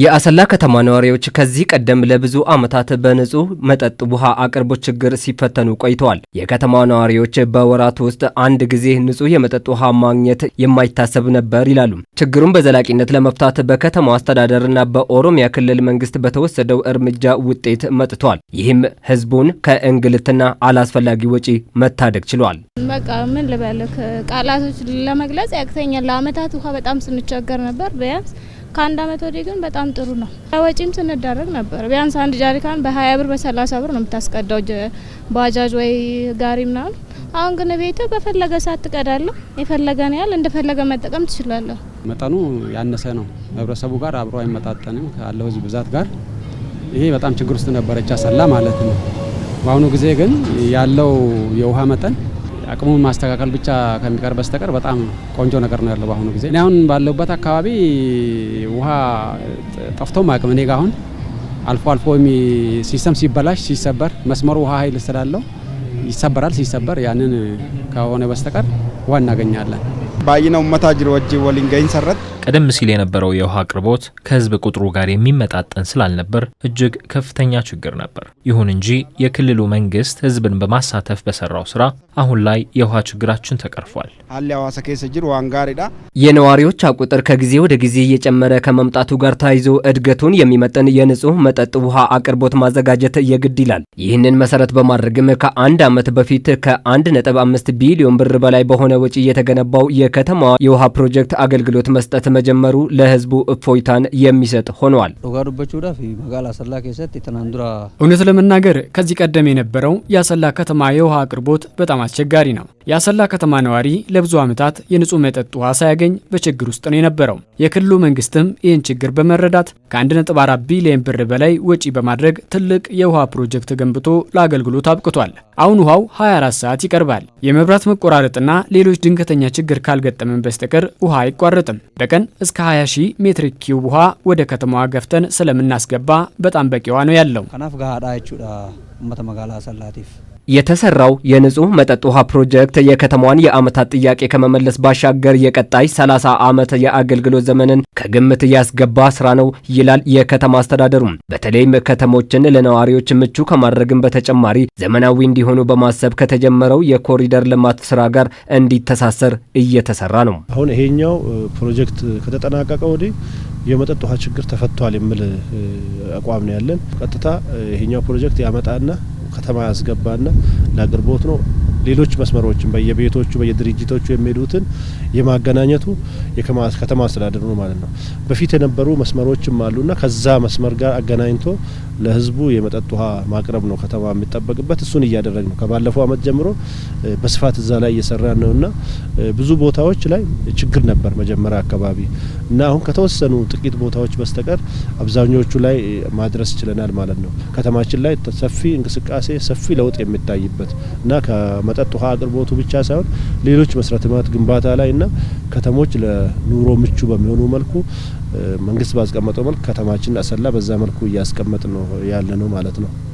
የአሰላ ከተማ ነዋሪዎች ከዚህ ቀደም ለብዙ ዓመታት በንጹህ መጠጥ ውሃ አቅርቦት ችግር ሲፈተኑ ቆይተዋል። የከተማ ነዋሪዎች በወራት ውስጥ አንድ ጊዜ ንጹህ የመጠጥ ውሃ ማግኘት የማይታሰብ ነበር ይላሉ። ችግሩን በዘላቂነት ለመፍታት በከተማው አስተዳደርና በኦሮሚያ ክልል መንግስት በተወሰደው እርምጃ ውጤት መጥቷል። ይህም ህዝቡን ከእንግልትና አላስፈላጊ ወጪ መታደግ ችሏል። በቃ ምን ልበለ፣ ቃላቶች ለመግለጽ ያቅተኛል። ለአመታት ውሃ በጣም ስንቸገር ነበር ቢያንስ ከአንድ አመት ወዲህ ግን በጣም ጥሩ ነው። ወጪም ስንዳረግ ነበር። ቢያንስ አንድ ጃሪካን በሀያ ብር በሰላሳ ብር ነው የምታስቀዳው ባጃጅ ወይ ጋሪ ምናምን። አሁን ግን ቤት በፈለገ ሰዓት ትቀዳለህ። የፈለገን ያህል እንደፈለገ መጠቀም ትችላለሁ። መጠኑ ያነሰ ነው። ህብረተሰቡ ጋር አብሮ አይመጣጠንም ካለው ህዝብ ብዛት ጋር። ይሄ በጣም ችግር ውስጥ ነበረች አሰላ ማለት ነው። በአሁኑ ጊዜ ግን ያለው የውሃ መጠን አቅሙን ማስተካከል ብቻ ከሚቀር በስተቀር በጣም ቆንጆ ነገር ነው ያለው በአሁኑ ጊዜ። እኔ አሁን ባለሁበት አካባቢ ውሃ ጠፍቶም አቅም እኔ ጋ አሁን አልፎ አልፎ ሲስተም ሲበላሽ ሲሰበር፣ መስመሩ ውሃ ኃይል ስላለው ይሰበራል። ሲሰበር ያንን ከሆነ በስተቀር ውሃ እናገኛለን። ባይነው ውመታ ወጂ ሰረት ቀደም ሲል የነበረው የውሃ አቅርቦት ከህዝብ ቁጥሩ ጋር የሚመጣጠን ስላልነበር እጅግ ከፍተኛ ችግር ነበር። ይሁን እንጂ የክልሉ መንግስት ህዝብን በማሳተፍ በሰራው ስራ አሁን ላይ የውሃ ችግራችን ተቀርፏል። የነዋሪዎች ቁጥር ከጊዜ ወደ ጊዜ እየጨመረ ከመምጣቱ ጋር ተያይዞ እድገቱን የሚመጥን የንጹህ መጠጥ ውሃ አቅርቦት ማዘጋጀት የግድ ይላል። ይህንን መሰረት በማድረግም ከአንድ ዓመት በፊት ከ1.5 ቢሊዮን ብር በላይ በሆነ ወጪ የተገነባው የከተማዋ የውሃ ፕሮጀክት አገልግሎት መስጠት መጀመሩ ለህዝቡ እፎይታን የሚሰጥ ሆኗል። እውነት ለመናገር ከዚህ ቀደም የነበረው የአሰላ ከተማ የውሃ አቅርቦት በጣም አስቸጋሪ ነው። የአሰላ ከተማ ነዋሪ ለብዙ ዓመታት የንጹህ መጠጥ ውሃ ሳያገኝ በችግር ውስጥ ነው የነበረው። የክልሉ መንግስትም ይህን ችግር በመረዳት ከ1.4 ቢሊዮን ብር በላይ ወጪ በማድረግ ትልቅ የውሃ ፕሮጀክት ገንብቶ ለአገልግሎት አብቅቷል። አሁን ውሃው 24 ሰዓት ይቀርባል። የመብራት መቆራረጥና ሌሎች ድንገተኛ ችግር ካልገጠመን በስተቀር ውሃ አይቋረጥም። በቀን አውጥተን እስከ 20 ሺ ሜትሪክ ኪዩብ ውሃ ወደ ከተማዋ ገፍተን ስለምናስገባ በጣም በቂዋ ነው ያለው። የተሰራው የንጹህ መጠጥ ውሃ ፕሮጀክት የከተማዋን የአመታት ጥያቄ ከመመለስ ባሻገር የቀጣይ 30 ዓመት የአገልግሎት ዘመንን ከግምት ያስገባ ስራ ነው ይላል የከተማ አስተዳደሩም። በተለይም ከተሞችን ለነዋሪዎች ምቹ ከማድረግም በተጨማሪ ዘመናዊ እንዲሆኑ በማሰብ ከተጀመረው የኮሪደር ልማት ስራ ጋር እንዲተሳሰር እየተሰራ ነው። አሁን ይሄኛው ፕሮጀክት ከተጠናቀቀ ወዲህ የመጠጥ ውሃ ችግር ተፈቷል የሚል አቋም ነው ያለን። ቀጥታ ይሄኛው ፕሮጀክት ያመጣና ከተማ ያስገባና ለአቅርቦት ነው። ሌሎች መስመሮችን በየቤቶቹ በየድርጅቶቹ የሚሄዱትን የማገናኘቱ የከተማ አስተዳደሩ ነው ማለት ነው። በፊት የነበሩ መስመሮችም አሉና ከዛ መስመር ጋር አገናኝቶ ለህዝቡ የመጠጥ ውሃ ማቅረብ ነው ከተማ የሚጠበቅበት። እሱን እያደረግ ነው ከባለፈው አመት ጀምሮ በስፋት እዛ ላይ እየሰራ ነውና ብዙ ቦታዎች ላይ ችግር ነበር መጀመሪያ አካባቢ እና አሁን ከተወሰኑ ጥቂት ቦታዎች በስተቀር አብዛኞቹ ላይ ማድረስ ችለናል ማለት ነው። ከተማችን ላይ ሰፊ እንቅስቃሴ ሰፊ ለውጥ የሚታይበት እና የመጠጥ ውሃ አቅርቦቱ ብቻ ሳይሆን ሌሎች መሰረተ ልማት ግንባታ ላይና ከተሞች ለኑሮ ምቹ በሚሆኑ መልኩ መንግስት ባስቀመጠው መልክ ከተማችን አሰላ በዛ መልኩ እያስቀመጥ ነው ያለ ነው ማለት ነው።